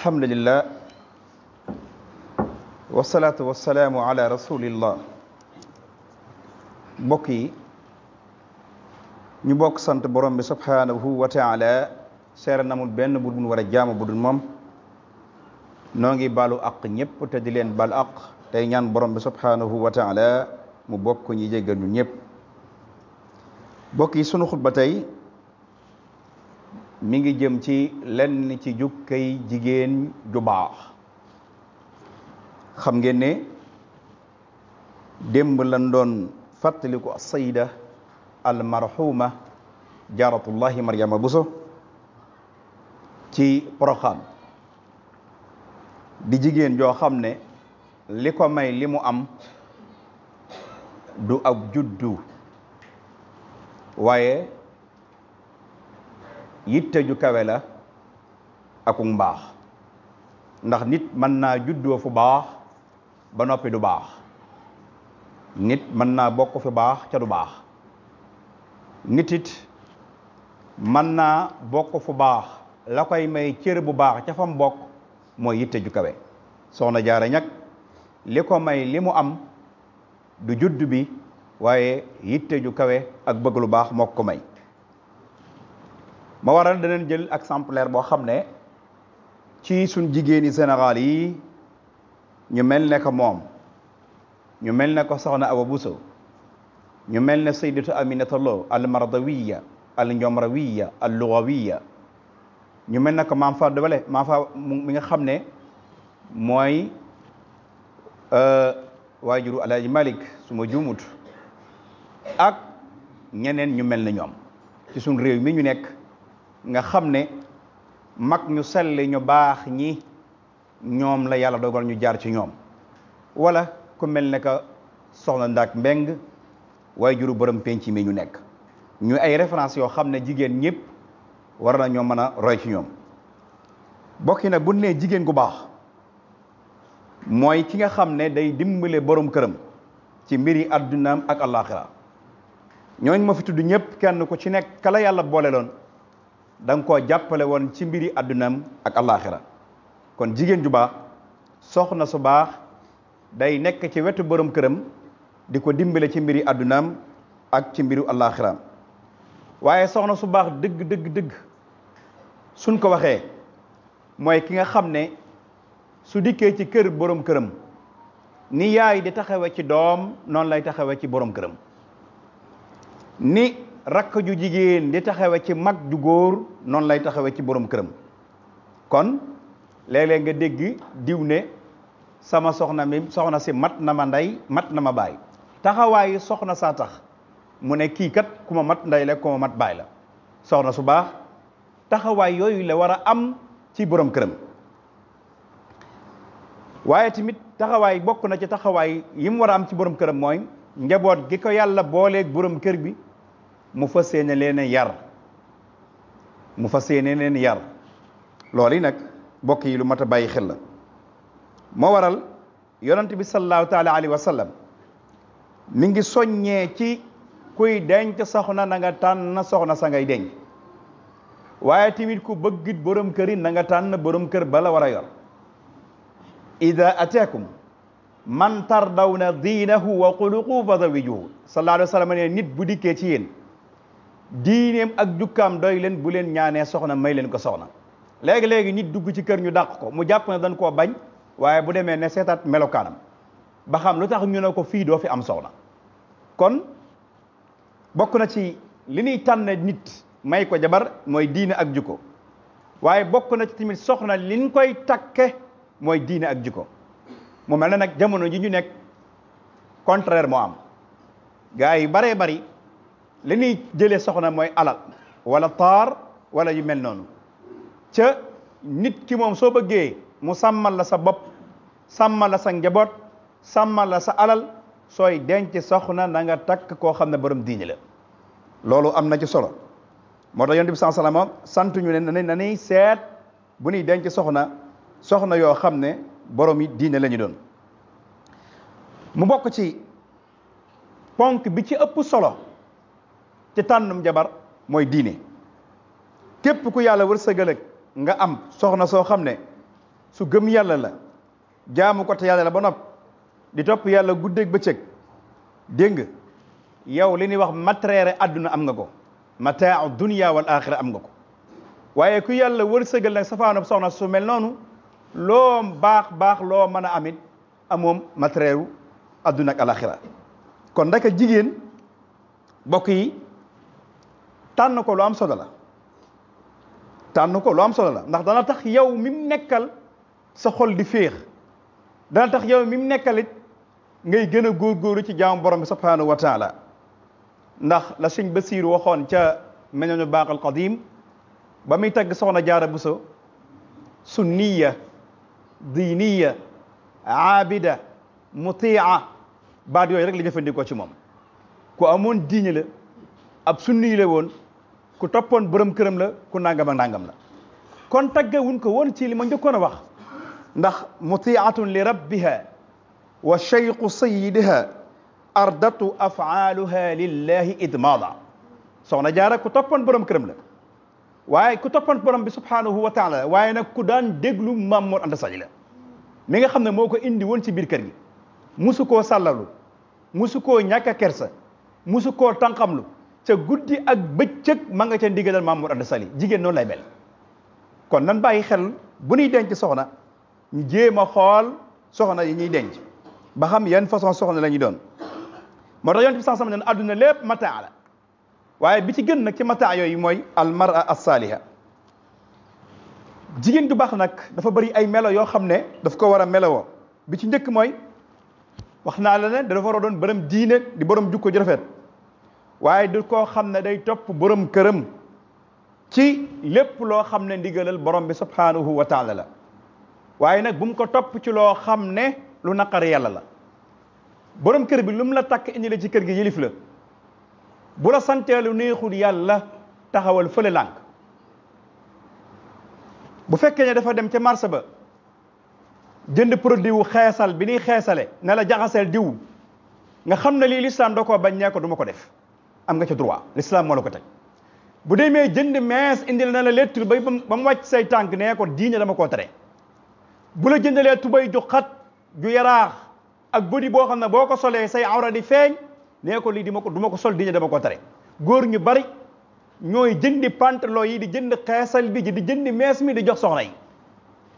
alhamdulillah wasalaatu wasalaamu ala rasulillah mbokk yi ñu bokk sant borom bi subhanahu wa taala seera namul benn bu dul war a jaamu bu moom noo ngi baalu aq ñëpp te di leen baalu te ñaan borom bi subhanahu wa taala mu bokk ñi jéggal ñu ñëpp mbokk yi sunu xutba tey mi ngi jëm ci lenn ci jukkay jigéen ju baax xam ngeen ne démb lan doon fàttaliku sayda almarhuma jaaratullahi maryama buso ci poroxaan di jigéen joo xam ne li ko may li mu am du ab juddu waaye yitte ju kawe la akuk baax ndax nit mën naa juddoo fu baax ba noppi du baax nit mën naa bokk fu baax ca du baax nit it mën naa bokk fu baax la koy may cër bu baax cafam bokk mooy yitte ju kawe soxna jaara ñag li ko may li mu am du judd bi waaye yitte ju kawe ak bëgg lu baax moo ko may ma waral daneen jël exemplaire boo xam ne ci suñ jigéeni Sénégal yi ñu mel ne ko moom ñu mel ne ko Soxna Awa ñu mel ne Sayyidatu Aminata Lo al mardawiya al njomrawiya al lugawiya ñu mel ne ko maam fa dubale maam fa mi nga xam ne mooy euh, waajuru Alaaji Malik suma ma juumut ak ñeneen ñu mel ne ñoom ci suñ réew mi ñu nekk nga xam ne mag ñu sell ñu baax ñi ñoom la yàlla dogal ñu jaar ci ñoom walla ku mel ne ka soxna Ndaak Mbeng waaye juru borom penc mi ñu nekk ñu ay référence yoo xam ne jigéen ñëpp war na ñoo mën a roy ci ñoom bokki na bu nee jigéen gu baax mooy ki nga xam ne day dimbale borom këram ci mbiri addunaam ak àllaaxira ñooñ ma fi tudd ñëpp kenn ku ci nekk kala yàlla boole loon da nga jàppale woon ci mbiri àddunaam ak allaaxira kon jigéen ju baax soxna su baax day nekk ci wetu borom këram di ko dimbale ci mbiri àddunaam ak ci mbiru allaaxiraam waaye soxna su baax dëgg dëgg dëgg suñ ko waxee mooy ki nga xam ne su dikkee ci kër borom këram ni yaay di taxawe ci doom noonu lay taxawe ci borom këram ni rakk ju jigéen di taxawe ci mag ju góor noonu lay taxawe ci borom këram kon léeg nga dégg diw ne sama soxna mi soxna si mat na ma ndey mat na ma baay taxawaay soxna saa tax mu ne kii kat ku ma mat ndey la ku mat baay la soxna su baax taxawaay yooyu la war a am ci borom këram waaye tamit taxawaay bokk na ci taxawaay yi mu war a am ci borom këram mooy njaboot gi ko yàlla booleeg borom kër bi mu fas yéene leen yar mu fas yéene leen yar loolu yi nag bokk yi lu mat bàyyi xel la moo waral yonent bi sallallahu taala alayhi wa sallam mi ngi soññee ci kuy denc soxna na nga tànn soxna sa ngay denc waaye tamit ku bëggit borom kër yi na nga tànn borom kër bala war a yor ida ataakum man na diinahu wa xuluqu fa zawijuhu sallallahu alayhi wa sallam ne nit bu dikkee ci yéen diineem ak jukkaam doy leen bu leen ñaanee soxna may leen ko soxna léegi-léegi nit dugg ci kër ñu dàq ko mu jàpp ne dañ koo bañ waaye bu demee ne seetaat melokaanam ba xam lu tax ñu ne ko fii doo fi am soxna kon bokk na ci li ñuy tànn nit may ko jabar mooy diine ak jukko waaye bokk na ci tamit soxna liñ koy takke mooy diine ak jukko mu mel ne nag jamono ji ñu nekk contraire mu am gaa yi baree bari li ñuy jëlee soxna mooy alal wala taar wala yu mel noonu ca nit ki moom soo bëggee mu sàmmal la sa bopp sàmmal la sa njaboot sàmmal la sa alal sooy denc soxna na nga takk koo xam ne borom diine la loolu am na ci solo moo tax yonent bi sallallahu alayhi wasallam santuñu ne na nañuy seet bu ñuy denc soxna soxna yoo xam ne borom yi diine la doon mu mbokk ci ponk bi ci ëpp solo ci tànnum jabar mooy diine képp ku yàlla war wërsëgal nga am soxna soo xam ne su gëm yàlla la jaamu ko te yàlla la ba nopp di topp yàlla guddeeg bëccëg dégg nga yow li ñuy wax matériel àdduna am nga ko mataa dunya wal axira am nga ko waaye ku yàlla war wërsëgal nag safaanub soxna su mel noonu loo baax baax loo mën a amit amoom matériel àdduna ak alaxira kon ndaka jigéen bokk yi tànn ko lu am solo la tànn ko lu am solo la ndax dana tax yow mi mu nekkal sa xol di féex dana tax yow mi mu nekkalit ngay gën a góorgóorlu ci jaamu borom bi subhanahu wa taala ndax la sëñ Basiir waxoon ca meññu baaxal qadim ba muy tagg soxna jaara buso sunniya diiniya aabida mutia baat yooyu rek la jëfandikoo ci moom ku amoon diine la ab sunni la woon ku toppoon borom këram la ku nangam ak la kon tagge wuñ ko woon ci li ma njëkkoon a wax ndax mutiatun li rabbiha wa cheyqu sayidiha ardatu afaaluha lillahi idmaada soxna jaara ku toppoon borom këram la waaye ku toppoon borom bi subhanahu wa taala waaye nag ku daan déglu maam Mor Anta Sali la mi nga xam ne moo ko indi woon ci biir kër gi musu koo sàllalu musu koo ñàkk a kersa musu koo tànqamlu ca guddi ak bëccëg ma nga ca ndigalal Maam Mor Anta Sali jigéen noonu lay mel kon nan bàyyi xel bu nuy denc soxna ñu jéem a xool soxna yi ñuy denc ba xam yan façon soxna lañuy doon moo tax yonent bi sallallahu alayhi wasallam adduna lépp mataa la waaye bi ci gën nag ci mataa yooyu mooy almara as-saaliha jigéen du baax nag dafa bari ay melo yoo xam ne daf ko war a melowoo bi ci njëkk mooy wax naa la ne dafa war a doon borom diine di borom jukko ju rafet waaye du koo xam ne day topp borom këram ci lépp loo xam ne ndigalal borom bi subhaanahu wa taala la waaye nag bu mu ko topp ci loo xam ne lu naqar yàlla la borom kër bi lu mu la takk indi la ci kër gi yilif la bu la santee lu neexul yàlla taxawal fële lànk bu fekkee ne dafa dem ca marché ba jënd produit xeesal bi nuy xeesale ne la jaxaseel diw nga xam ne lii lislaam da ko bañ nee ko du ko def am nga ca droit l'islam moo la ko teg bu demee jënd mees indil na la lettre bay ba mu wàcc say tànk nee ko diine dama koo tere bu la jëndalee tubay ju xat ju yaraax ak godi boo xam ne boo ko solee say awra di feeñ nee ko lii di ma ko du ko sol diine dama ko tere góor ñu bari ñooy jëndi pantalon yi di jënd xeesal bi di jëndi mees mi di jox soxna yi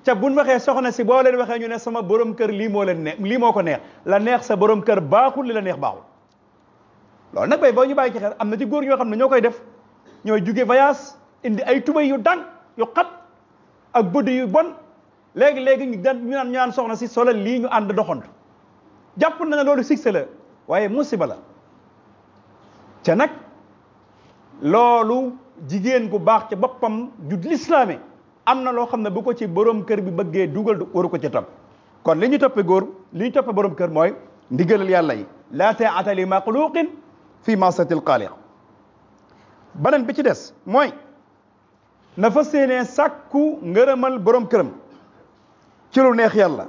ca nu waxee soxna si boo leen waxee ñu ne sama borom kër lii moo leen lii moo ko neex la neex sa borom kër baaxul li la neex baaxul loolu nag bay boo ñu bàyyi ci xel am na ci góor ñoo xam ne ñoo koy def ñooy jóge voyage indi ay tubay yu dang yu xat ak bëdi yu bon léegi-léegi ñu daan ñu naan ñu soxna si solal lii ñu ànd doxantu jàpp na ne loolu succès la waaye musiba la ca nag loolu jigéen gu baax ca boppam ju lislaame am na loo xam ne bu ko ci borom kër bi bëggee dugal du waru ko ci topp kon li ñu toppe góor li ñu toppe borom kër mooy ndigalal yàlla yi laa taata li maxluqin fii masatil qaaliya beneen bi ci des mooy na fa séenee sàkku ngërëmal borom këram ci lu neex yàlla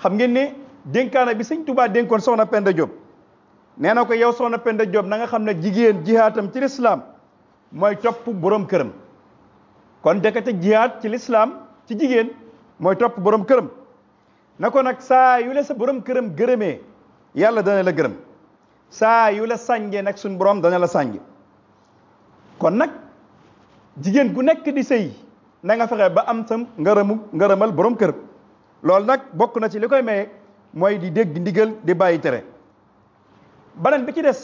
xam ngeen ne dénkaana bi sëñ Tuubaa dénkoon soxna Penda Diop nee na ko yow soxna Penda Diop na nga xam ne jigéen jihaatam ci lislaam mooy topp borom këram kon dekate jihaat ci lislaam ci jigéen mooy topp borom këram na kon nag saa yu le sa borom këram gërëme yàlla dana la gërëm saa yu la sànjee nag suñ borom dana la sànj kon nag jigéen gu nekk di sëy nanga fexe ba am sam ngërëmu ngërëmal borom kër loolu nag bokk na ci li koy maye mooy di dégg ndigal di bàyyi tere beneen bi ci des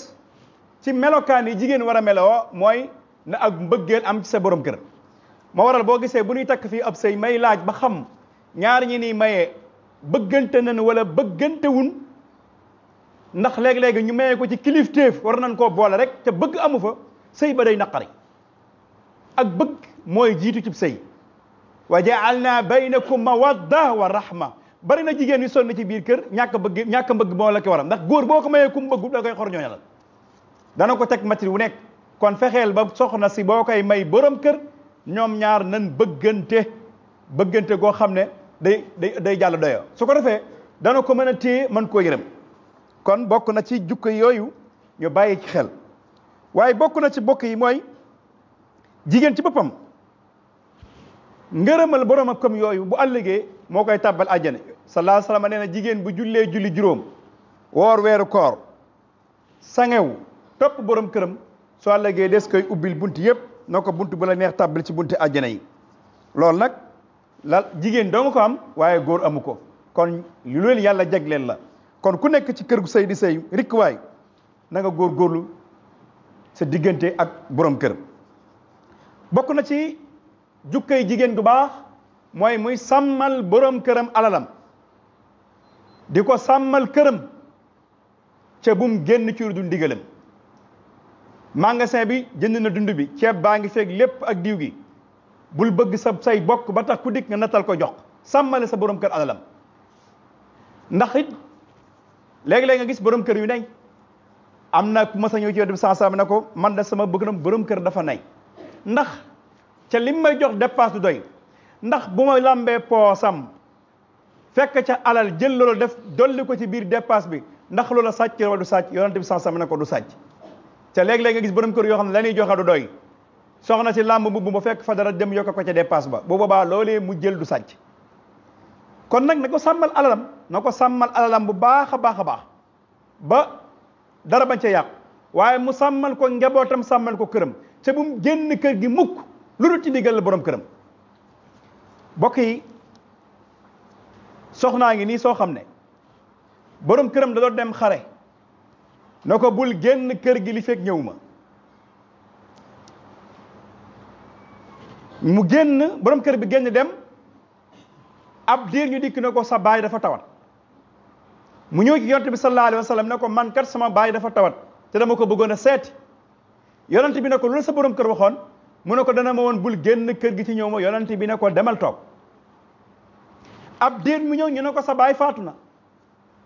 ci melokaan yi jigéen war a meloo mooy na ak mbëggeel am ci sa borom kër moo waral boo gisee bu nuy takk fii ab sëy may laaj ba xam ñaar ñi ni mayee bëggante nañu wala bëggante wun ndax léegi-léegi ñu maye ko ci kilifteef war nañ koo boole rek te bëgg amu fa sëy ba day naqari ak bëgg mooy jiitu cib sëy wa jaalna baynakum mawadda wa rahma bari na jigéen yi sonn ci biir kër ñàkk bëgg ñàkk mbëgg ko waram ndax góor boo ko mayee kum bëggu da koy xor ñooñalal dana ko teg matri wu nekk kon fexeel ba soxna si boo koy may borom kër ñoom ñaar nan bëggante bëggante goo xam ne day day day jàll doyo su ko defee dana ko mën a téye mën koo yërëm kon bokk na ci jukko yooyu ñu bàyyi ci xel waaye bokk na ci bokk yi mooy jigéen ci boppam ngërëmal a comme yooyu bu àllëgee moo koy tàbbal àjjana sallallahu alayhi wa sallam na jigéen bu jullee julli juróom woor weeru koor sangew topp borom këram soo àllëgee des koy ubbil bunt yépp na ko bunt bu la neex tàbbal ci bunti àjjana yi loolu nag la jigéen doo ko am waaye góor amu ko kon lu leen yàlla jagleel la kon ku nekk ci kër gu sëy di sëy rikk waay na nga góorgóorlu sa diggante ak boroom këram bokk na ci jukkay jigéen gu baax mooy muy sàmmal borom këram alalam di ko sàmmal këram ca bum génn ci du ndigalam magasin bi jënd na dund bi ceeb baa ngi feeg lépp ak diw gi bul bëgg sa say bokk ba tax ku dikk nga nattal ko jox sàmmale sa boroom kër alalam ndax léegi-léeg nga gis borom kër yu nay am na ku mas a ñëw ci Yonent bi sansam ne ko man de sama bëgg na borom kër dafa nay ndax ca lim may jox dépense du doy ndax bu ma lambee poosam fekk ca alal jël loolu def dolli ko ci biir dépense bi ndax loola sàcc wala du sàcc Yonent bi sansam ne ko du sàcc ca léegi-léeg nga gis borom kër yoo xam ne la ñuy joxe du doy soxna si lamb bu ba fekk fa dara dem yokk ko ca dépense ba bu boobaa loolee mu jël du sàcc kon nag na ko sàmmal alalam noo ko sàmmal alalam bu baax a baax a baax ba dara bañ ca yàq waaye mu sàmmal ko njabootam sàmmal ko këram ca bu mu génn kër gi mukk lu dul ci ndigal la borom këram bokk yi soxnaa ngi nii soo xam ne borom këram da doon dem xare na ko bul génn kër gi li fekk ñëw ma mu génn borom kër bi génn dem ab diir ñu dikk na ko sa baay dafa tawat mu ñëw ci yonent bi sallallahu alayhi wa ne ko man kat sama baay dafa tawat te dama ko bëggoon a seeti yonent bi ne ko sa borom kër waxoon mu ne ko dana ma woon bul génn kër gi ci ñëw ma yonent bi ne demal toog ab diir mu ñëw ñu ne ko sa baay faatu na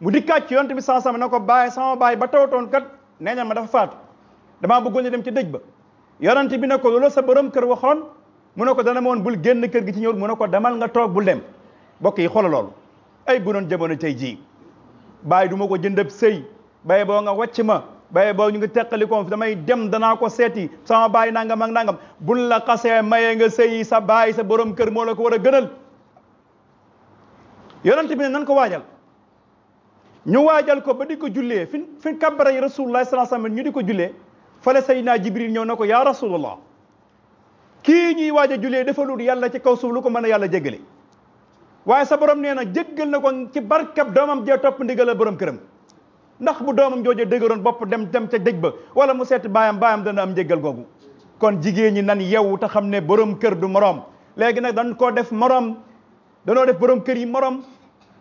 mu dikkaat ci yonent bi sallallahu alayhi ne ko baay sama baay ba tawatoon kat nee na ma dafa faatu damaa bëggoon a dem ci dëj ba yonent bi ne ko loolu sa borom kër waxoon mu ne ko dana ma bul génn kër gi ci ñëw mu ne ko demal nga toog bul dem bokk yi xoola loolu ay bu doon jamono tey jii bàyyi duma ko jëndab sëy baye boo nga wàcc ma ba boo ñu ngi teqalikoo damay dem dana ko seeti sama baay nangam ak nangam buñ la xasee maye nga sëyi sa baay sa borom kër moo la ko war a gënal yonent bi ne nan ko waajal ñu waajal ko ba di ko jullee fi fi kabbara yi rasulullah sallallahu alayhi wasallam ñu di ko jullee fale naa jibril ñëw na ko yaa rasulullah kii ñuy waaja a jullee defalul yàlla ci kaw suuf lu ko mën a yàlla jégale waaye sa borom nee na jëggal na ko ci barkab doomam jee topp ndigal la borom këram ndax bu doomam jooje dëgëroon bopp dem dem ca dëj ba wala mu seeti baayam baayam dana am njéggal googu kon jigéen ñi nan yewu te xam ne boroom kër du moroom léegi nag dañ koo def moroom danoo def boroom kër yi moroom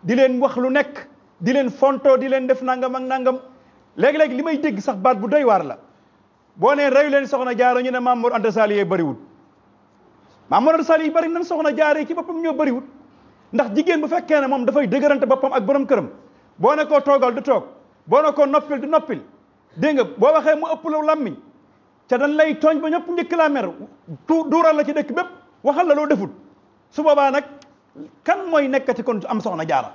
di leen wax lu nekk di leen fontoo di leen def nangam ak nangam léegi-léegi li may dégg sax baat bu doy waar la boo nee reyu leen soxna jaaro ñu ne Maam Mor Anta Maam Mor Anta Sali yi bëri nan soxna jaare ci boppam ñoo bëriwul ndax jigéen bu fekkee ne moom dafay dëgërante boppam ak borom këram boo nekkoo toogal du toog boo ne koo noppil du noppil dégg nga boo waxee mu ëpp la làmmiñ ca dañ lay tooñ ba ñëpp njëkk laa mer tu duural la ci dëkk bépp waxal la loo defut su boobaa nag kan mooy nekkati kon am soxna jaara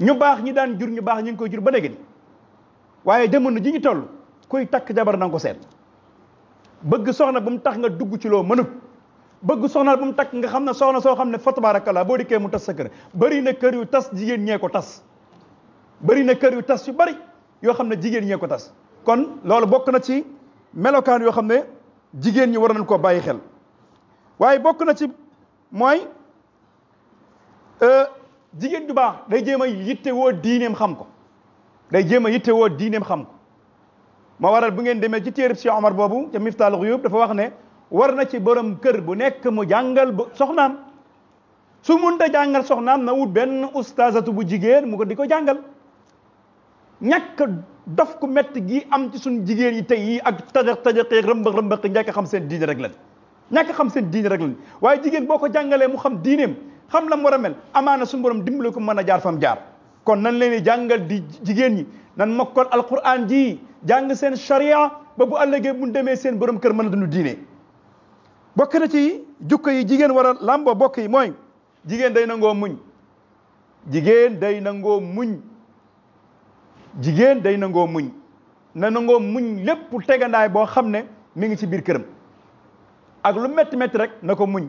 ñu baax ñi daan jur ñu baax ñu ngi koy jur ba léegi ni waaye jamono ji ñu toll kuy takk jabar na nga ko seet bëgg soxna bu mu tax nga dugg ci loo mënut bëgg soxnaal bu mu takk nga xam ne soxna soo xam ne fa tabaarakallaa boo dikkee mu tas sa kër bëri na kër yu tas jigéen ñee ko tas bëri na kër yu tas yu bari yoo xam ne jigéen ñee ko tas kon loolu bokk na ci melokaan yoo xam ne jigéen ñi war nañ koo bàyyi xel waaye bokk na ci mooy euh, jigéen ju baax day jéem a yitte woo diineem xam ko day jéem a yitte woo diineem xam ko moo waral bu ngeen demee ci téereb si Omar boobu ca Miftaaxul Xuyuub dafa wax ne war na ci borom kër bu nekk mu jàngal bu soxnaam su munta jàngal soxnaam na wut benn ustaasatu bu jigéen mu ko di ko jàngal ñàkk dof ku mett gi am ci suñ jigéen yi tey yi ak tajax tajaxee rëmbax rëmbax ñàkk xam seen diine rek lan ñàkk xam seen diine rek lan waaye jigéen boo ko jàngalee mu xam diineem xam la mu war a mel amaana suñu borom dimbale ko mën a jaar fam jaar kon nan leen jàngal di jigéen ñi nan mokkal alquran ji jàng seen sharia ba bu ëllëgee bu demee seen borom kër mën a dund diine bokk na ci jukko yi jigéen war lamboo làmbo yi mooy jigéen day nangoo muñ jigéen day nangoo muñ jigéen day nangoo muñ na nangoo muñ lépp tegandaay boo xam ne mi ngi ci biir këram ak lu métti métti rek na ko muñ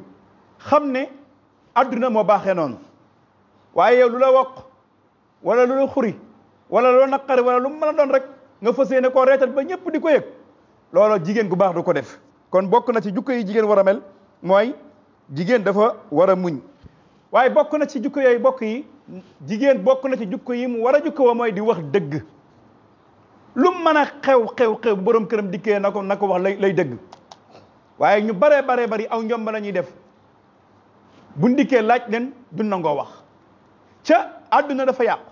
xam ne adduna moo baaxee noonu waaye lu la wokk walla lu la xuri wala lu la naqari wala lu mën a doon rek nga fas yéene koo reetal ba ñëpp di ko yëg looloo jigéen gu baax du ko def kon bokk na ci jukko yi jigéen war a mel mooy jigéen dafa war a muñ waaye bokk na ci jukko yooyu bokk yi jigéen bokk na ci jukko yi mu war a jukko wa mooy di wax dëgg lu mën a xew xew xew borom këram dikkee na ko na ko wax lay lay dëgg waaye ñu baree baree bari aw njomba la ñuy def bu dikkee laaj leen du nangoo wax ca àdduna dafa yàqu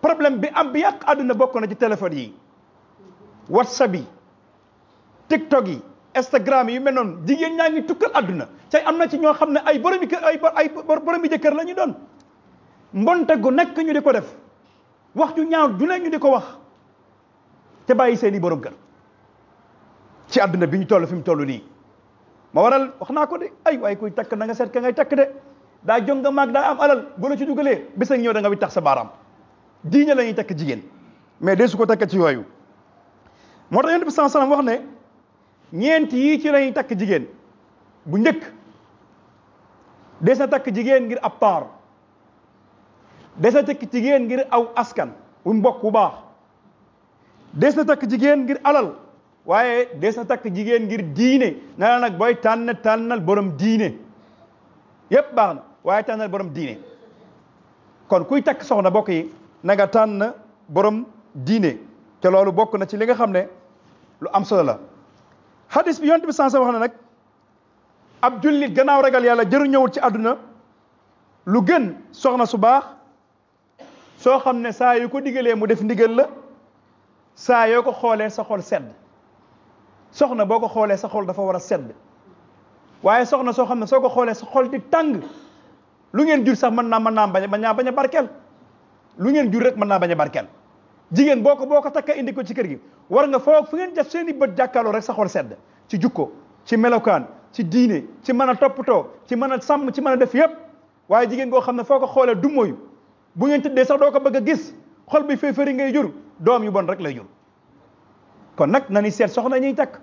problème bi am bi yàq àdduna bokk na ci téléphone yi whatsapp yi tiktok yi Instagram yi mel noonu jigéen ñaa ngi tukkal adduna tey am na ci ñoo xam ne ay boromi kër ay ay boromi jëkkër la ñu doon mbonte gu nekk ñu di ko def wax ju ñaaw ju ne ñu di ko wax te bàyyi seeni borom kër ci àdduna bi ñu toll fi mu toll nii ma waral wax naa ko de ay waaye koy takk na nga seet ka ngay takk de daa jong nga maag daa am alal bu ci dugalee bés ak ñëw da nga wi tax sa baaraam diine la ñuy takk jigéen mais de su ko takk ci yooyu moo tax yonent bi sallallahu wax ne ñeent yi ci lañuy takk jigéen bu njëkk des na takk jigéen ngir ab taar des na takk jigéen ngir aw askan wu mbokk bu baax des na takk jigéen ngir alal waaye des na takk jigéen ngir diine na la nag booy tànn tànnal borom diine yépp baax na waaye tànnal borom diine kon kuy takk soxna bokk yi na nga tànn diine te loolu bokk na ci li nga xam ne lu am solo la hadis bi yonent bi sansa wax na nag ab jullit gannaaw ragal yàlla jëru ñëwul ci àdduna lu gën soxna su baax soo xam ne saa yu ko digalee mu def ndigal la saa yoo ko xoolee sa xool sedd soxna boo ko xoolee sa xool dafa war a sedd waaye soxna soo xam ne soo ko xoolee sa xool di tàng lu ngeen jur sax mën naa mën naa bañ a bañ a barkeel lu ngeen jur rek mën naa bañ a barkeel jigéen boo ko boo ko takka indi ko ci kër gi war nga foog fu ngeen def seen bët jàkkaarloo rek sa xol sedd ci jukko ci melokaan ci diine ci mën a toppatoo ci mën a sàmm ci man a def yépp waaye jigéen koo xam ne foo ko xoolee du moyu bu ngeen tëddee sax doo ko bëgg a gis xol bi féeféeri ngay jur doom yu bon rek lay jur kon nag na ni seet soxna ñuy takk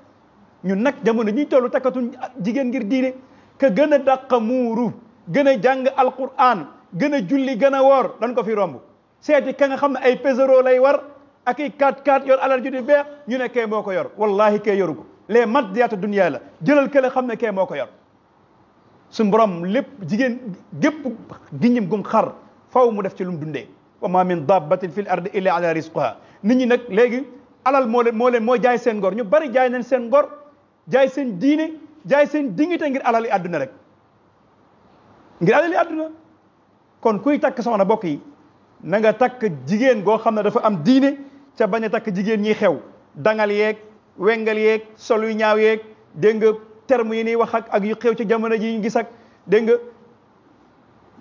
ñun nag jamono ñuy tollu takkatuñ jigéen ngir diine ke gën a dàq muuru gën a jàng alquran gën a julli gën a woor dañ ko fi romb seet yi ka nga xam ne ay pesero lay war ak i 4-4 yor alal ju di beex ñu ne kee moo ko yor wallahi kee yoru ko les maddiyaatu dunya la jëlal kële xam ne kee moo ko yor su borom lépp jigéen gépp giññam gum xar faw mu def ci lu mu dundee wa ma min dabbatin fil ardi illa ala risquha nit ñi nag léegi alal moo leen moo jaay seen ngor ñu bari jaay nañ seen ngor jaay seen diine jaay seen dignité ngir alal yi àdduna rek ngir alal yi àdduna kon kuy takk soxna bokk yi na nga takk jigéen goo xam ne dafa am diine ca bañ a takk jigéen ñi xew dangal yeeg wengal yeeg sol yu ñaaw yeeg dégg nga terme yi ñuy wax ak ak yu xew ci jamono ji ñu gis ak dégg nga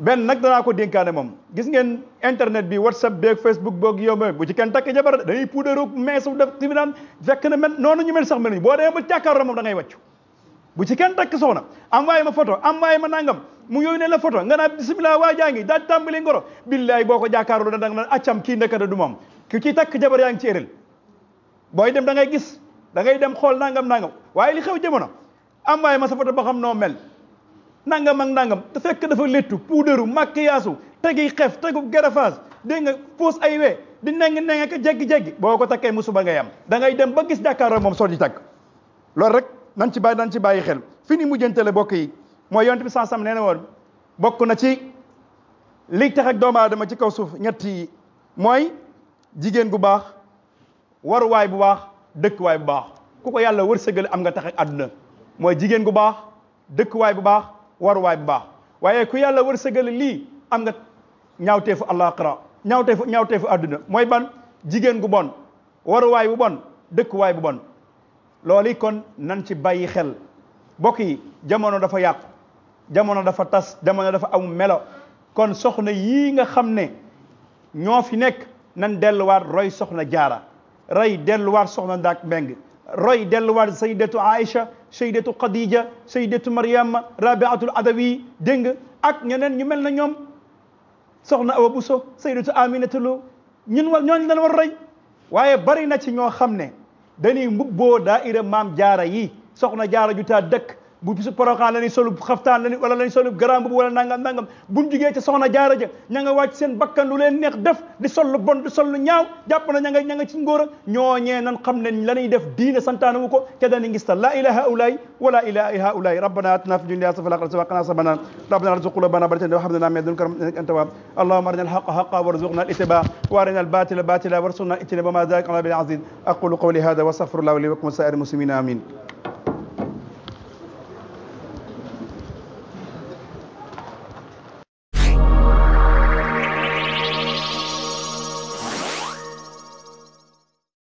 benn nag danaa ko dénkaane moom gis ngeen internet bi whatsapp beeg facebook boog yow bu ci kenn takk jabar dañuy puudaru meesu na mel ñu mel sax mel nañu boo demee ba jàkkaarloo moom da ngay wàccu bu ci kenn takk soxna envoyé ma photo envoyé ma nangam mu yooyu ne la photo nga naa bisimilah waa jaa ngi daal tàmbali ngoro billaay boo ko jàkkaarloo da nga naan accam kii ndekete du moom ki ci takk jabar yaa ngi ci booy dem da ngay gis dangay dem xool nangam nangam waaye li xew jamono am waaye ma sa foto ba xam noo mel nangam ak nangam te fekk dafa léttu puudaru maquillage tegi xef tegu garafaas dégg nga puus ay we di neng neng ak jeggi-jeggi boo ko takkee musuba ngay am dangay dem ba gis jàkkaaroo moom soo di tàgg loolu rek nan ci bàyyi nan ci bàyyi xel fi ni mujjantale bokk yi mooy yonent sam sansam nee na woon bokk na ci li tax doomu aadama ci kaw suuf ñett mooy jigéen gu baax waruwaay bu baax dëkkuwaay bu baax ku ko yàlla war sëggale am nga tax ak àdduna mooy jigéen gu baax dëkkuwaay bu baax waruwaay bu baax waaye ku yàlla war sëggale lii am nga ñaawteefu àllaaxira ñaawteefu fu àdduna mooy ban jigéen gu bon waruwaay bu bon dëkkuwaay bu bon loolu kon nan ci bàyyi xel mbokk yi jamono dafa yàq jamono dafa tas jamono dafa am melo kon soxna yii nga xam ne ñoo fi nekk nan delluwaat roy soxna jaara roy delluwaat soxna ndaak mbeng roy delluwaat saydatu aïcha saydatu khadija saydatu mariama rabiatul adawi dégg nga ak ñeneen ñu mel na ñoom soxna awa buso saydatu aminata lo ñun wa ñooñu dañ war roy waaye bari na ci ñoo xam ne dañuy mbubboo daaira maam jaara yi soxna jaara ju taa dëkk bu bisu poroxaan la ñuy solub xaftaan la ñuy wala la ñuy solub garaam bu wala nangam nangam buñ jugee ca soxna jaara ja ña nga wàcc seen bakkan lu leen neex def di sol lu bon di sol lu ñaaw jàpp na ña nga ña nga ci ngóor a ñooñee nan xam ne la ñuy def diine santaane wu ko ca dañu ngis tal laa ilaha haulayi wala ilaha haulayi rabbana atina fi dunya hasanatan wa fil akhirati hasanatan wa qina adhaban nar rabbana arzuq qulubana baratan wa hab lana min ladunka rahmatan innaka antal wahhab allahumma arina alhaqqa haqqan warzuqna al-ittiba'a wa arina al-batila batila warzuqna al-ijtinaba ma dhalika ala bil aziz aqulu qawli hadha wa astaghfirullaha li wa lakum wa sa'iril muslimina amin